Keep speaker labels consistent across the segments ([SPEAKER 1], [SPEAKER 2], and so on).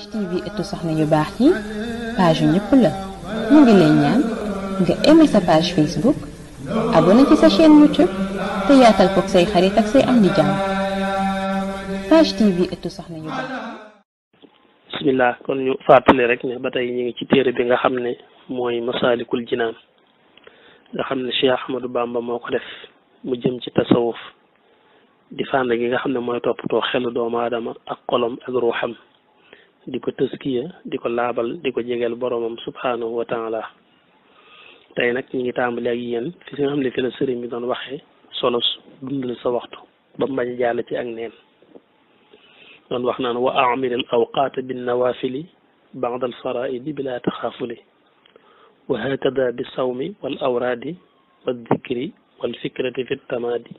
[SPEAKER 1] Kossy TV ëttu soxna yu baax yi page yu ñëpp la mu ngi lay ñaan nga aimé sa page Facebook abonné ci sa YouTube te yaatal koog say xarit ak say am di jàmm page baax. bisimilah kon ñu fàttali rek ne ba tey ñu ngi ci téere bi nga xam ne mooy Masaalikul Jinaan nga xam ne Cheikh Ahmadou Bamba moo ko def mu jëm ci tasawuf di fànn gi nga xam ne mooy toppatoo xelu doomu aadama ak xolom ak ruuxam. diko tëskiya diko ko laabal di ko boromam subhanahu wa taala tay nag ñu ngi tàmbali ak yéen fi si nga xam ne fi la sëriñ bi doon waxe solo dundal sa waxtu ba mu bañ jàll ci ak neen doon wax naan wa amir al awqaata bin nawafili bad al faraidi bila taxaafuli wa hakada bi sawmi wal awradi wal dikri wal fikrati fi tamaadi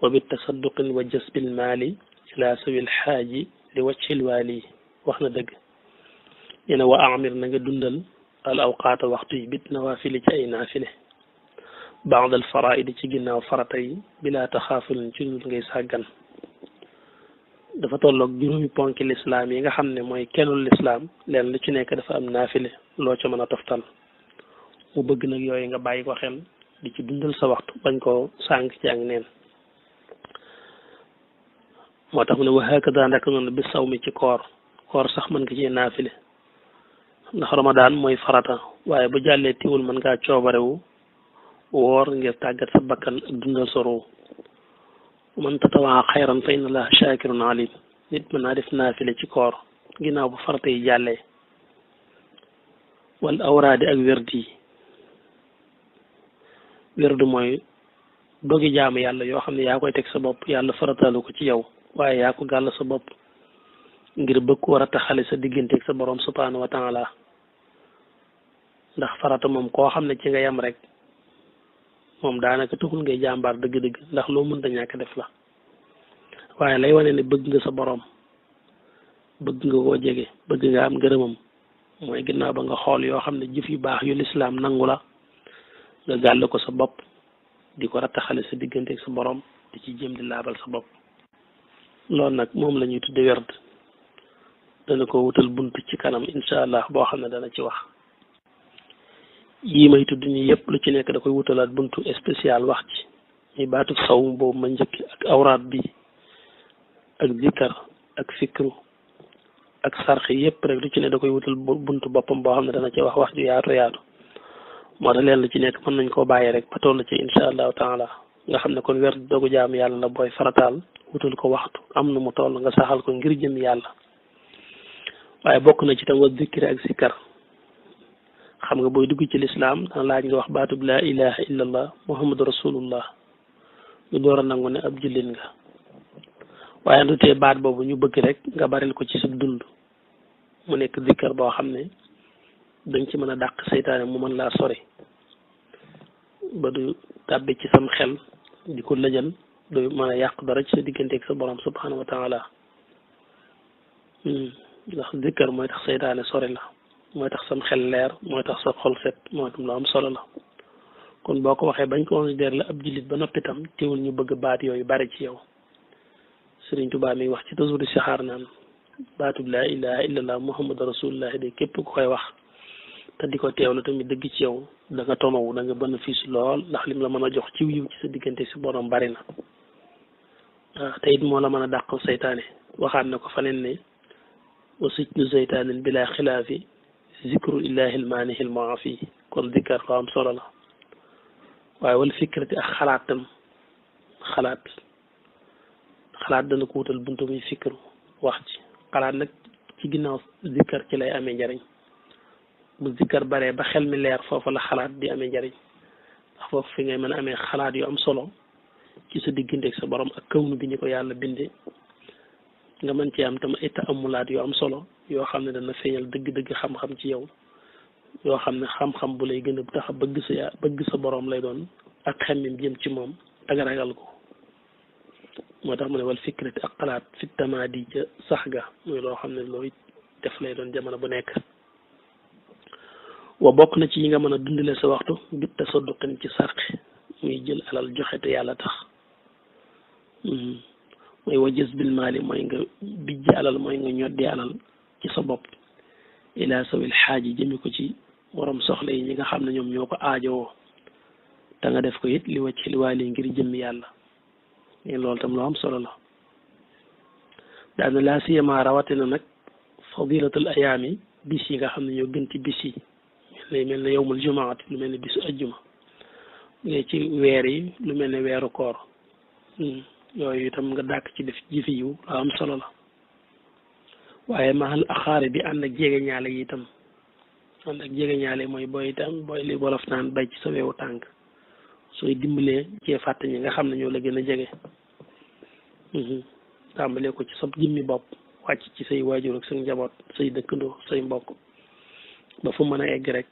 [SPEAKER 1] wa bi tasadduqin wa jasbil maali ila sawi al xaaji li wacci wax na dëgg nee na wa amir na nga dundal al awqaata waxtu yi bit nawaafili ci ay naafile baad al faraidi ci ginnaaw farata yi bilaa taxaafulin ci dul ngay sàggan dafa tolloog juróomi ponki lislaam yi nga xam ne mooy kenu lislaam leen lu ci nekk dafa am naafile loo ca mën a toftal mu bëgg nag yooyu nga bàyyi ko xel di ci dundal sa waxtu bañ koo sànk ci ak neen moo tax mu ne wa hakada ndaka noonu bi saw mi ci koor koor sax mën nga ci naafile ndax ramadaan mooy farata waaye bu jàllee teewul mën ngaa coobarewu woor ngir tàggat sa bakkan ak dundal soroo man tatawaa xayran fa inna allaha shaakirun alim nit mën naa def naafile ci koor ginnaaw bu farata yi jàllee wal awraadi ak wérdi yi wérdu mooy dogi jaamu yàlla yoo xam ne yaa koy teg sa bopp yàlla faratalu ko ci yow waaye yaa ko gàll sa bopp ngir bëgg ko war a taxale sa digganteeg sa borom subhaanahu wa taala ndax farata moom koo xam ne ci nga yem rek moom daanaka tuxul ngay jàmbaar dëgg ndax loo mënta ñàkk def la waaye lay wane ne bëgg nga sa borom bëgg nga koo jege bëgg nga am ngërëmam mooy ginnaaw nga xool yoo xam ne jëf yu baax yu lislaam nangu la nga gàll ko sa bopp di ko rattaxale sa digganteeg sa borom di ci jëm di laabal sa bopp loolu nag moom la ñuy tudde werd dana ko wutal bunt ci kanam incha allah boo xam ne dana ci wax yii may tudd nii yëpp lu ci nekk da koy wutalaat buntu spécial wax ci muy baatu sawm boobu ma njëkk ak awraat bi ak zikar ak fikru ak sarxi yëpp rek lu ci ne da koy wutal bunt boppam boo xam ne dana ci wax wax ju yaatu yaatu moo tax leen lu ci nekk mën nañ koo bàyyi rek ba toll ci incha allahu taala nga xam ne kon wer dogu jaam yàlla la booy farataal wutal ko waxtu am na mu toll nga saxal ko ngir jëm yàlla waaye bokk na ci tam wa zikir xam nga booy dugg ci lislaam dana laaj nga wax baatub laa ilaha illallah muhammadu rasulullah ñu door a nangu ne ab jullit nga waaye du baat boobu ñu bëgg rek nga baril ko ci sa dund mu nekk zikkar boo xam ne dañ ci mën a dàq seytaane mu mën laa sori ba du tàbbi ci sam xel di ko lëjal du mën a yàq dara ci sa diggante ak sa borom subhanahu wa taala hmm. ndax zikkar mooy tax seytaane sori la mooy tax sam xel leer mooy tax sa xol set mooy tam lu am solo la kon boo ko waxee bañ considère la ab jullit ba noppi tam teewul ñu bëgg baat yooyu bari ci yow Sëriñ Tuubaa mi wax ci tasawur di saxaar naan baatub laa ilaha illallah muhammad rasulullah de képp ku koy wax te di ko teewlu tamit dëgg ci yow da nga tonowu da nga bën fiis lool ndax lim la mën a jox ci yiw ci sa diggante si borom bari na waaw ah, te it moo la mën a dàqal seytaane waxaat na ko faneen ne وسجن زيدان بلا خلاف ذكر الله المانه المعافي كل ذكر قام صلى الله وهي الفكرة أخلاتهم خلات خلات دن قوت البنتو من فكر واحد قرار لك تجينا ذكر كلا أمين جارين بذكر بره بخل من الله فوف الله خلات دي أمين جارين فوف فين من أمين خلات يوم صلى كيسو دي جندك سبرم أكون بني كو يالا بندي nga mën cee am tam ay taamulaat yoo am solo yoo xam ne dana feeñal dëgg-dëgg xam-xam ci yow yoo xam ne xam-xam bu lay gën a tax bëgg sa bëgg sa boroom lay doon ak xemmim jëm ci moom ak ragal ko moo tax mu ne wal fikrati ak xalaat fi tamaadi sax ga loo xam ne looy def lay doon jamono bu nekk wa bokk na ci yi nga mën a dundale sa waxtu bi tasadduqin ci sarxe muy jël alal joxe te yàlla tax hmm. mooy wajës bil maali mooy nga bijj alal mooy nga ñoddi alal ci sa bopp ila sawil xaaji jëmi ko ci borom soxla yi ñi nga xam ne ñoom ñoo ko aajowoo te nga def ko it li wàcc li ngir jëmm yàlla loolu tam loo am solo la daana laa siyama rawatina nag fadilatul ayaami bis yi nga xam ne ñoo gën ci bis yi mel ne mel ne lu mel ne bisu ajjuma ci weer yi lu mel ne weeru koor hmm. yooyu itam nga dàkk ci def jëfi yiw la am solo la waaye mahal axaare bi ànd ak jege ñaale yi itam ànd ak jege ñaale mooy booy itam booy li wolof naan bay ci sa wewu tànk sooy dimbalee cee fàtte ñi nga xam ne ñoo la gën a jege mhm. tàmbalee ko ci sa jëmmi bopp wàcc ci say waajur ak say njaboot say dëkkandoo say mbokk ba fu mën a egg rek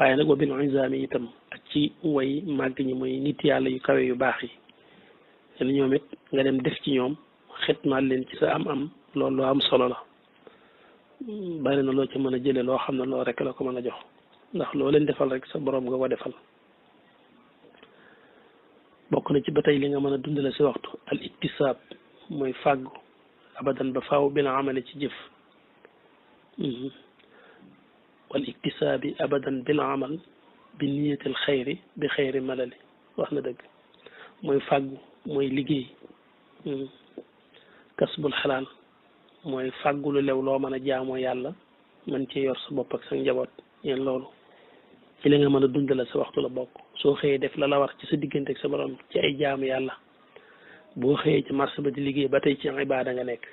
[SPEAKER 1] waaye nag wa bil isaami itam ak ci way màgg ñi mooy nit yàlla yu kawe yu baax yi yéen ñoom it nga dem def ci ñoom xitmaal leen ci sa am-am lool loo am solo la hmm, bari na loo ci mën a jëlee loo xam ne loo rek la ko mën a jox ndax loo leen defal rek sa boroom nga ko defal bokk na ci ba tey li nga mën a dundale si waxtu al iktisaab mooy fàggu abadan ba faaw bi la amale ci jëf hmm. wal iktisaabi abadan bil amal bi niyatil xayri bi xayri malali wax na dëgg mooy fàggu mooy liggéey hmm. kasbul xalaal mooy fàggulu lew loo mën a jaamoo yàlla man cee yor sa bopp ak sa njaboot yéen loolu ci la nga mën a dundale sa waxtu la bokk soo xëyee def la la war ci sa diggante ak sa borom ci ay jaamu yàlla boo xëyee ci marché ba di liggéey ba tey ci ibaada nga nekk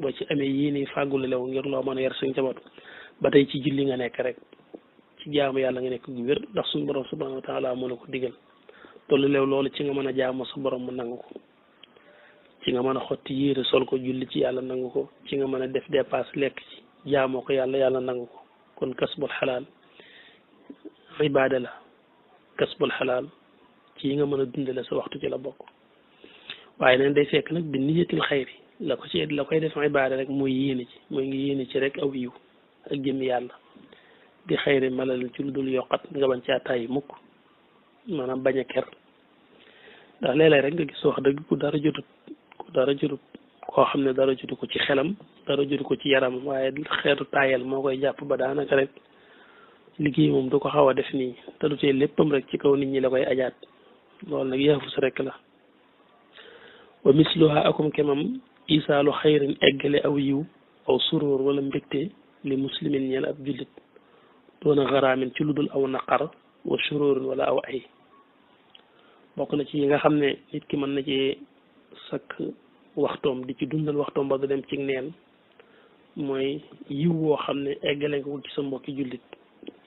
[SPEAKER 1] boo ci amee yéene fàggulu lew ngir loo mën a yor sa njaboot ba tey ci julli nga nekk rek ci jaamu yàlla nga nekk gu wér ndax suñ borom subhanahu wa taala moo la ko digal tollu leew loolu ci nga mën a jaamu sa borom mu nangu ko ci nga mën a xotti yéere sol ko julli ci yàlla nangu ko ci nga mën a def de dépasse lekk ci jaamoo ko yàlla yàlla nangu ko kon kasbul xalaal ibaada la kasbul xalaal ci yi nga mën a dundale sa waxtu ci la bokk waaye neen day fekk nag bi niyatil xayri la ko la koy def ibaada rek mooy yéene ci mooy ngi yéene ci rek aw yiw ak jëm yàlla di xayri malal ci lu dul yokkat nga bañ caa tàyyi mukk maanaam bañ a ker ndax léeg rek nga gis wax dëgg ku dara jotut ku dara jotut koo xam ne dara jotu ko ci xelam dara jotu ko ci yaram waaye xeetu taayal moo koy jàpp ba daanaka rek liggéey moom du ko xaw a def nii te du tee léppam rek ci kaw nit ñi la koy ajaat loolu nag yaafus rek la wa misluha akum kemam isaalu xayrin eggale aw yiw aw suróor wala mbégte li muslimin ñeel ab jullit doona xaraamin ci ludul aw naqar wa suróorin wala aw ay bokk na ci yi nga xam ne nit ki mën na ci sakk waxtoom di ci dundal waxtoom ba du dem ci neen mooy yiw woo xam ne eggale nga ko ci sa mbokki jullit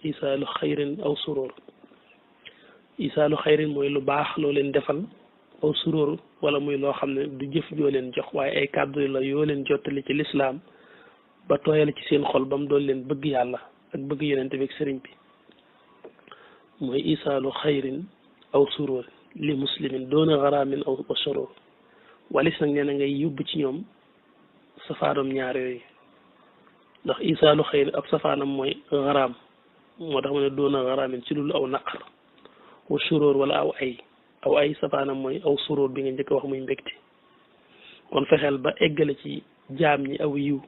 [SPEAKER 1] isaalu xayrin aw suroor isaalu xayrin mooy lu baax loo leen defal aw suróor wala muy loo xam ne du jëf joo leen jox waaye ay kàddu la yoo leen jottali ci lislaam ba tooyal ci seen xol ba mu doon leen bëgg yàlla ak bëgg yonent bi ak sëriñ bi mooy isaalu xayrin aw suróor li muslimin doona xaraamin aw asoro walis nag nee na ngay yóbbu ci ñoom safaanom ñaar yooyu ndax isaalu xëy ab safaanam mooy xaraam moo tax mu ne doona xaraamin ci lulu aw aw wala aw ay mooy aw suróor bi nga njëkk wax muy mbégte kon fexeel ba eggale ci jaam ñi aw yiw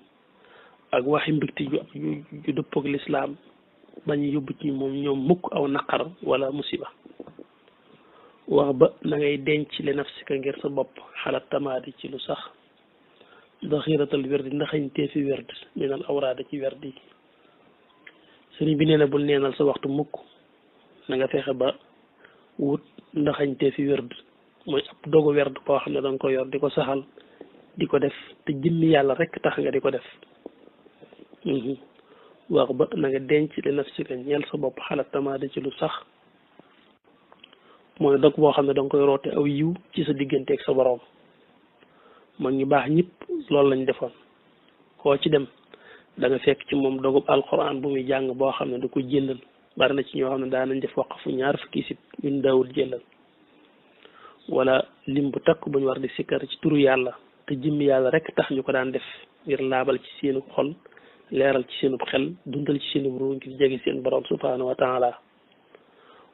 [SPEAKER 1] ak waxi mbégte yu yu dëppoog lislaam bañ aw naqar wala musiba wax ba na ngay denc li nafsika ngir sa bopp xalaat tamaadi ci lu sax daxiratal werdi ndaxañtee fi werd minal awraada ci werd yi sëriñ bi nee na bul neenal sa waxtu mukk na nga fexe ba wut ndaxañtee fi werd mooy ab dogu werd boo xam ne danga ko yor di ko saxal di ko def te jëmmi yàlla rek tax nga di ko def mhm. wax ba na nga denc si nafsika ñeel sa bopp xalaat tamaadi ci lu sax mooy dog boo xam ne danga nga koy roote aw yiw ci sa digganteeg sa boroom mag ñi baax ñëpp loolu lañu defoon koo ci dem danga nga fekk ci moom dogub alquran bu muy jàng boo xam ne du ko jëllal bari na ci ñoo xam ne daanañ def fu ñaar fukki sit yuñ daawul jëllal wala lim bu takk buñ war di sikkar ci turu yàlla te jëmm yàlla rek tax ñu ko daan def ngir laabal ci seenu xol leeral ci seenub xel dundal ci seenub ruu ngir jege seen borom subhanahu wa taala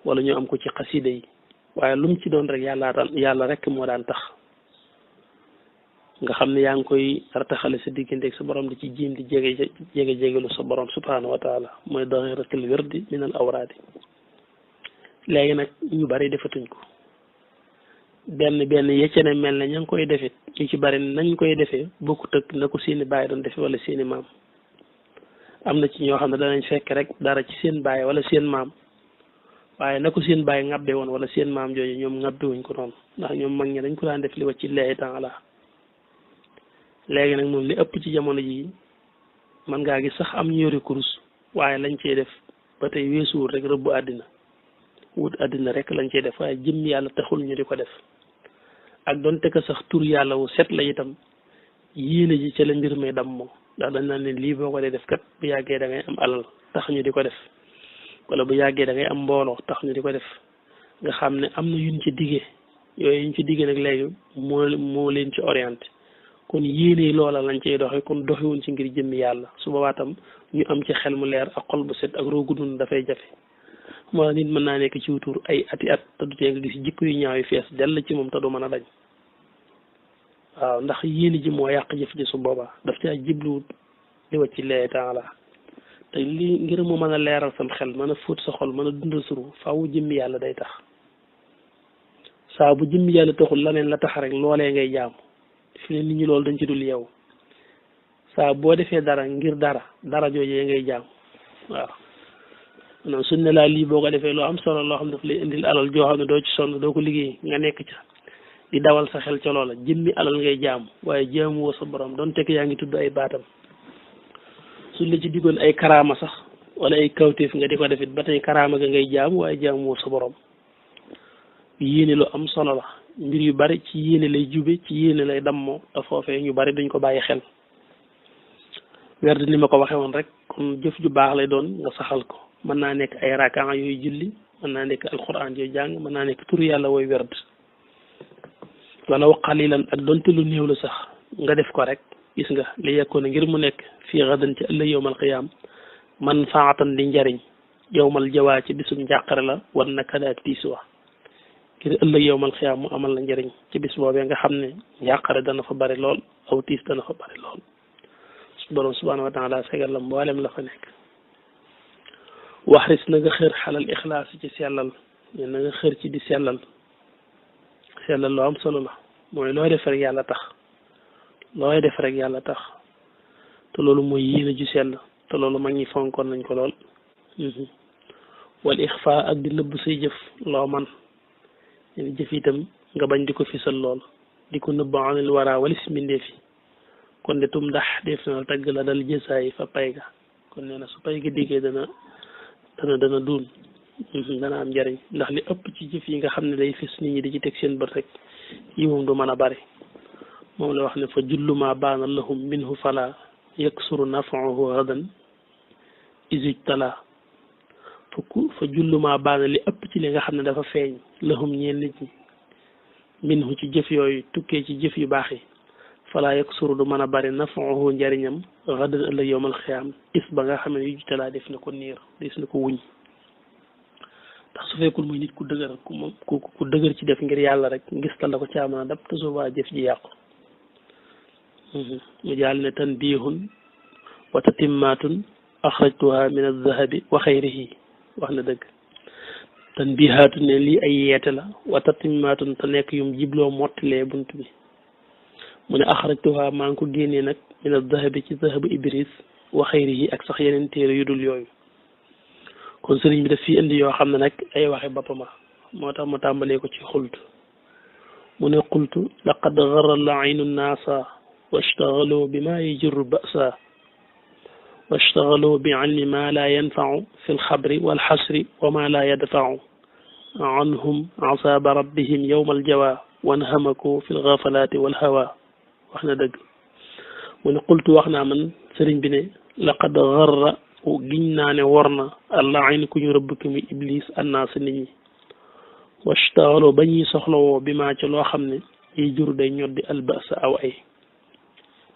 [SPEAKER 1] wala ñu am ko ci xasida waaye lu mu ci doon rek yàlla yàlla rek moo daan tax nga xam ne yaa ngi koy rataxale sa digganteeg sa borom di ci jiim di jege jege jegelu sa borom subhaanahu wa taala mooy dahiratul wirdi minal awraadi léegi nag ñu bari defatuñ ko benn benn yecce ne mel ne ña ngi koy defit ñu ci bari nañ koy defee bokkut ak na ko seeni baay doon defe wala seeni maam am na ci ñoo xam ne danañ fekk rek dara ci seen baay wala seen maam waaye na ko seen bàyyi ŋabbe woon wala seen maam jooju ñoom ŋabbe wuñ ko noonu ndax ñoom mag ñi dañ ko daan def li wàcc leexi taala léegi nag moom li ëpp ci jamono ji man ngaa gis sax am ñu kurus waaye lañ cee def ba tey rek rëbbu àddina wut àddina rek lañ cee def waaye jëm yàlla taxul ñu di ko def ak donte ko sax tur yàlla wu set la itam yéene ji ca la mbir may dam moom ndax dañ naan ne lii boo ko dee def kat bu yàggee da am alal tax ñu di ko def wala bu yàggee da ngay am mbooloo tax ñu di ko def nga xam ne am na yuñ ci diggee yooyu yuñ ci diggee nag léegi moo moo leen ci orienté kon yéene loola lañ cey doxe kon doxewuñ ci ngir jëmmi yàlla su boobaa ñu am ci xel mu leer ak xol bu set ak roogu dund dafay jafe moo nit mën naa nekk ci wutur ay ati at te du tee nga gis jikko yu dell ci moom te du mën a dañ waaw ndax yéene ji moo yàq jëf ji su boobaa daf caa jibluwut li wacc ci lee te lii ngir mu mën a leeral sam xel mën a fóot sa xol mën a dundal suru faaw jëmmi yàlla day tax saa bu jëmmi yàlla taxul laneen la tax rek loolee ngay jaam fi ne nit ñi dañ ci dul yow saa boo defee dara ngir dara dara joojee ngay jaam waaw maanaam suñ ne laa lii boo ko defee loo am solo loo xam ne daf lay indil alal joo xam ne doo ci sonn doo ko liggéey nga nekk ca di dawal sa xel ca loola jëmmi alal ngay jaam waaye woo sa borom doon tekk yaa ngi tudd ay baatam suñ la ci digoon ay karaama sax wala ay kawteef nga di ko defit ba tey karaama ga ngay jaam waaye jaamoo sa borom yéene lu am solo la mbir yu bari ci yéene lay jube ci yéene lay dammoo te foofee ñu bari duñ ko bàyyi xel werd ni ma ko waxee woon rek kon jëf ju baax lay doon nga saxal ko mën naa nekk ay rakaan yooyu julli mën naa nekk alxuraan yooyu jàng mën naa nekk tur yàlla wooy werd wala waqalilan ak donte lu néew la sax nga def ko rek gis nga li yekkoon ngir mu nekk fii xadan ci ëllëg yowmal qiyaam man faatan di njariñ yowmal jawaa ci bisum njàqare la war na kada ak tiis wa ngir ëllëg yowmal qiyaam mu amal la njariñ ci bis boobee nga xam ne njàqare dana fa bari lool aw tiis dana fa bari lool su borom subhaanahu wa taala segal la mboolem la fa nekk wax na nga xër xalal ixlaas ci sellal ne na nga xër ci di sellal sellal loo am solo la mooy loo def yàlla tax looy def rek yàlla tax te loolu mooy yéene ju sell te loolu mag ñi fonkoon nañ ko lool mhm. wal fa ak di nëbb say jëf loo man leen jëf itam nga bañ di ko fisal lool di ko nëbb anil wara walis mbindee fi kon de tum ndax def na tagg la dal jësaay fa pay ga kon nee na su pay ga dikkee dana dana dana duun mhm, dana am njariñ ndax li ëpp ci jëf yi nga xam ne day fis nit ñi di ci teg seen bët rek yi moom du mën a bari moom la wax ne fa julluma baana lahum minhu fala yaksuru nafauhu hadan isij tala fukk fa julluma nga xam ne dafa feeñ lahum ñeen nit ci jëf yooyu tukkee ci jëf yu baax yi fala yaksuru du mën a bari nafauhu njariñam hadan ëllëg ba nga xam ne yuj na ko niir des na ko wuñ ndax ci def ngir yàlla rek ngis tal ko caaman jëf ji yàqu mu jàll ne tanbihun wa tatimmatun axrajtuha min alzahabi wa xayrihi wax na dëgg tanbihaatun ne lii ay yeete la wa tatimmatun te nekk yum jibloo mottalee bunt bi mu ne axrajtuha maa ngi ko génnee nag min alzahabi ci zahabu ibris wa xayrihi ak sax yeneen téere yu dul yooyu kon sëriñ bi daf fi indi yoo xam ne nag ay waxe boppam moo tax mu tàmbalee ko ci xult mu ne xultu laqad aynu naasa واشتغلوا بما يجر بأسا واشتغلوا بعلم ما لا ينفع في الخبر والحسر وما لا يدفع عنهم عصاب ربهم يوم الجوى وانهمكوا في الغفلات والهوى وحنا دق ونقلت واحنا وحنا من سرين بني لقد غر وجنان نورنا اللعين كن ربكم إبليس الناس نيني واشتغلوا بني سخلوا بما تلو خمني يجر دين يرد البأس أو أي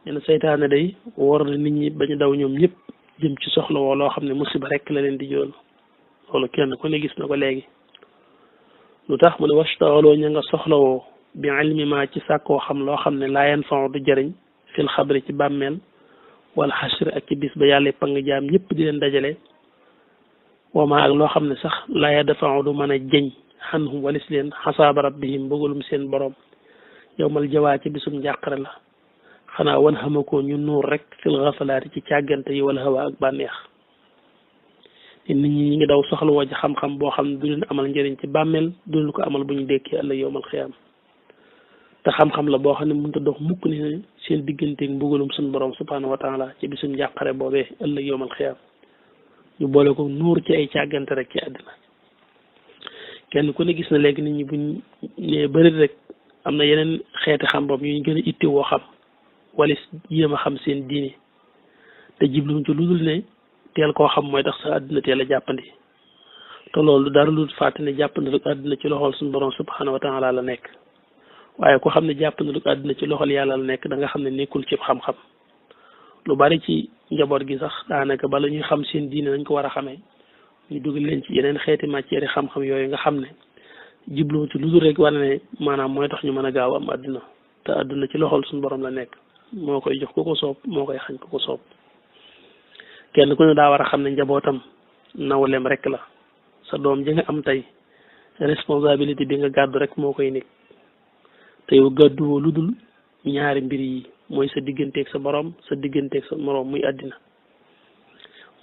[SPEAKER 1] nee na seytaane day war na nit ñi bañ daw ñoom ñëpp jëm ci soxla woo loo xam ne musiba rekk la leen di jool loolu kenn ku ne gis na ko léegi lu tax mu ne wastaxaloo ña nga soxla woo bi ilmi ma ci sàkkoo xam loo xam ne laayen fan du jëriñ fil xabri ci bàmmeel wala xasri ak ci bis ba yàlla pang jaam ñëpp di leen dajale wama ak loo xam ne sax laaya dafa du mën a jëñ xanhum walis leen xasaaba rabbihim bëggalum seen borom yowmal jawaa ci bisum njàqare la
[SPEAKER 2] xanaa wan xama
[SPEAKER 1] ko ñu nuur rek fil ci càggante yi wala ak bànneex nit ñi ñi soxla woo ci boo xam ne du amal njëriñ ci bàmmeel du ko amal bu ñu dekkee àlla yowmal xiyaam te xam-xam la boo xam ne mënut a dox mukk ni seen digganteeg borom subhaanahu wa taala ci bi suñ njàqare boobee àlla yowmal xiyaam ñu boole ko nuur ci ay càggante rek ci àddina kenn ku ne gis na léegi nit ñi buñ nee bëri rek am na yeneen xeeti xam-xam yu ñu gën a itti woo xam walis yéem a xam seen diine te jibluñ ci lu dul ne teel koo xam mooy tax sa àdduna teel a jàppandi te loolu dara lu fàtte ne jàppandi ak àdduna ci loxol suñu borom subhanahu wa taala la nekk waaye ku xam ne jàppandi ak àdduna ci loxol yàlla la nekk da nga xam ne nekkul ci xam-xam lu bari ci njaboot gi sax daanaka bala ñuy xam seen diine nañ ko war a xamee ñu dugg leen ci yeneen xeeti matière xam-xam yooyu nga xam ne jibluñ ci lu dul rek war ne maanaam mooy tax ñu mën a gaaw am àdduna te àdduna ci loxol suñu borom la nekk. moo koy jox ku ko soob moo koy xañ ku ko soob kenn ku ne daa war a xam ne njabootam nawleem rek la sa doom ji nga am tey responsabilité bi nga gàddu rek moo koy nekk te yow gàdduwoo lu dul ñaari mbir yi mooy sa digganteek sa boroom sa digganteeg sa moroom muy àddina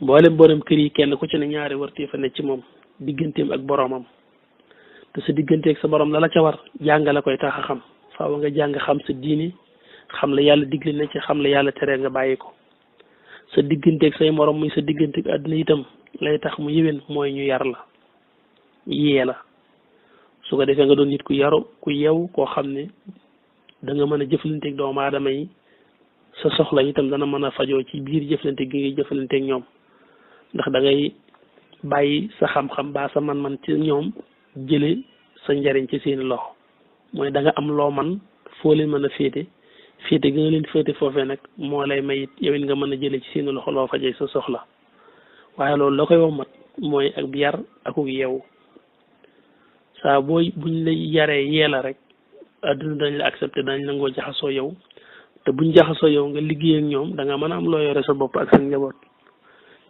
[SPEAKER 1] mboolem borom kër yi kenn ku ci ne ñaari wartee fa ci moom digganteem ak boromam sa digganteeg sa borom la la ca war jàng koy tax a xam faaw nga jàng xam sa diini xam la yàlla digle na ci xam la yàlla tere nga bàyyi ko sa digganteeg say moroom muy sa digganteeg àdduna itam lay tax mu yéwén mooy ñu yar la yee la su ko defee nga doon nit ku yaru ku yew koo xam ne da nga mën a jëflanteeg doomu aadama yi sa soxla itam dana mën a fajoo ci biir jëflante gi ngay jëflanteeg ñoom ndax dangay bàyyi sa xam-xam baa sa man-man ci ñoom jële sa njariñ ci seeni loxo mooy da am loo man foo leen mën a féete féete gi nga leen féete foofee nag moo lay may it yow nga mën a jële ci seeni loxo loo fajee sa soxla waaye loolu loo koy wommat mooy ak yar akuk yeewu saa booy buñ la yaree yee la rek adduna dañ la accepté dañ nangoo jaxasoo yow te buñ jaxasoo yow nga liggéey ak ñoom danga mën a am loo yore sa bopp ak sa njaboot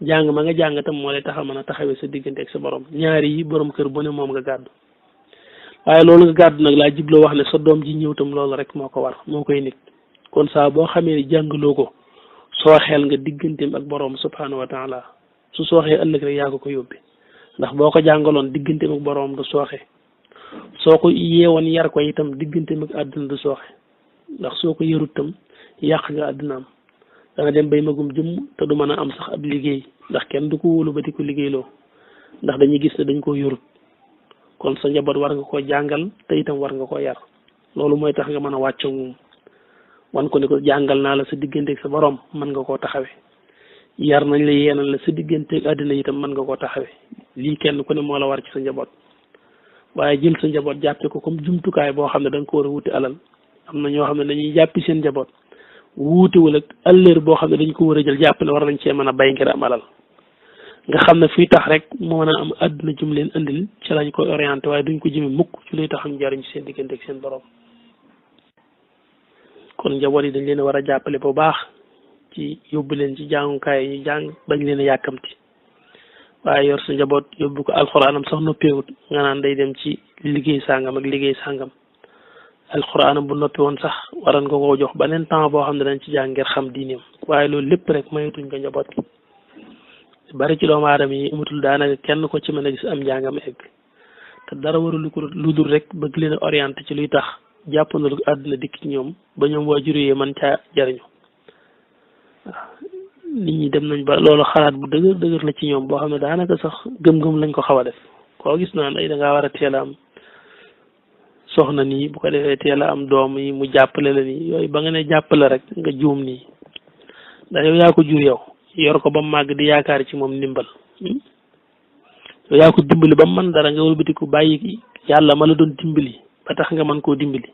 [SPEAKER 1] jàng ma nga jàng tam moo lay tax mën a taxawee sa diggante ak sa borom ñaari yi borom kër bu ne moom nga gàddu waaye loolu nga gàddu nag laa jubloo wax ne sa doom ji ñëw tam loolu rek moo ko war moo koy nit kon saa boo xamee ne jàngaloo ko soo sooxeel nga digganteem ak boroom subhaanahu wa taala su sooxee ëllëg rek yaa ko yóbbi ndax boo ko jàngaloon digganteem ak boroom du sooxe soo ko yeewoon yar ko itam digganteem àdduna du sooxe ndax soo ko yarut tam yàq nga àddunaam dana dem bay magum jëmm te du mën a am sax ab liggéey ndax kenn du ko wóolu ba di ko liggéeyloo ndax dañuy gis ne dañ koo yorut kon sa njaboot war nga koo jàngal te itam war nga koo yar loolu mooy tax nga mën a wàcc moom wan ko ni ko jàngal naa la sa digganteeg sa borom mën nga koo taxawee yar nañ la yeenal la sa digganteeg àddina itam mën nga koo taxawee lii kenn ku ne moo la war ci sa njaboot waaye jël sa njaboot jàppe ko comme jumtukaay boo xam ne da ko war a wuti alal am na ñoo xam ne dañuy jàppi seen njaboot wuutewul ak ëllëg boo xam ne dañ ko war a jël jàpp ne war nañ cee mën a bay ngir am alal nga xam ne fii tax rek moo mën a am àdduna jum leen indil ci lañ koy orienté waaye duñ ko jëme mukk ci luy tax am jariñ ci seen digganteeg seen borom. kon njaboot yi dañ leen war a jàppale bu baax ci yóbbu leen ci jàngukaay yi ñu jàng bañ leen a waaye yor sa njaboot yóbbu ko alxuraanam sax noppeewut nga naan day dem ci liggéey sàngam ak liggéey sàngam alxuraanam bu noppi woon sax waran ko koo jox beneen temps boo xam ne dañ ci jàng ngir xam diineem waaye loolu lépp rek mayatuñ ko njaboot gi bari ci doomu aadama yi amatul daanaka kenn ko ci mën a gis am njàngam egg te dara warul lu rek bëgg leen a ci luy tax jàppandalu àdduna dikk ñoom ba ñoom waajur yee man caa jariñu nit ñi dem nañ ba loolu xalaat bu dëgër dëgër la ci ñoom boo xam ne daanaka sax gëm-gëm lañ ko xaw a def koo gis naan ay da war a teel a am soxna nii bu ko defee teel a am doom yi mu jàppale la nii ba nga ne jàppale rek nga juum nii ndax yow yaa ko jur yow yor ko ba mu màgg di yaakaar ci moom ndimbal hmm? yow yaa ko dimbali ba mu mën dara nga wëlbatiku bàyyi yàlla ma la doon dimbali ba tax nga mën koo dimbali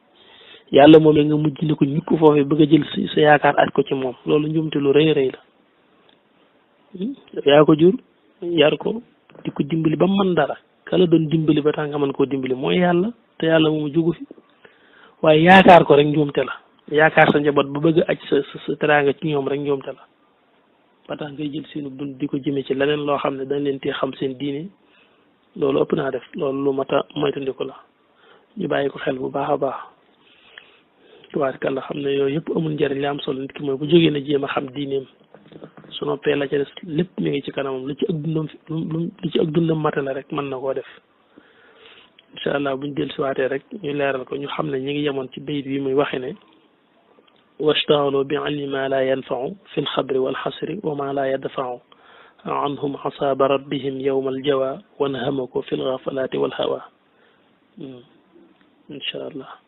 [SPEAKER 1] yàlla moom nga mujj ne ko ñukk foofee bëgg a jël sa yaakaar aj ko ci moom loolu njuumte lu rëy rëy la hmm? yaa ko jur yar ko di ko dimbali ba man dara kala doon dimbali ba tax nga mën koo dimbali mooy yàlla te yàlla moomu jugu fi waaye yaakaar ko rek njuumte la yaakaar sa njaboot ba bëgg aj sa sa teraanga ci ñoom rek njuumte la ba tax ngay jël seenu dund di ko jëme ci leneen loo xam ne dañ leen tee xam seen diine loolu ëpp naa def loolu lu mat a moytandiku la ñu bàyyi ko xel bu baax a baax tubaarkàlla xam ne yooyu yëpp amul njariñ la am solo nit ki mooy bu jógee na jéem a xam diineem su noppee la ca des lépp mi ngi ci kanamam lu ci ak dundam lu ci ak dundam matale rek mën na koo def incha allah buñ dellusiwaatee rek ñu leeral ko ñu xam ne ñi ngi yemoon ci bayit bi muy waxe ne washtaxaloo bi ilmi ma la yanfau fi lxabri walxasri wa ma la yadfau anhum asaaba rabbihim yowma aljawa wanhamako fi lgafalaati walhawa إن شاء الله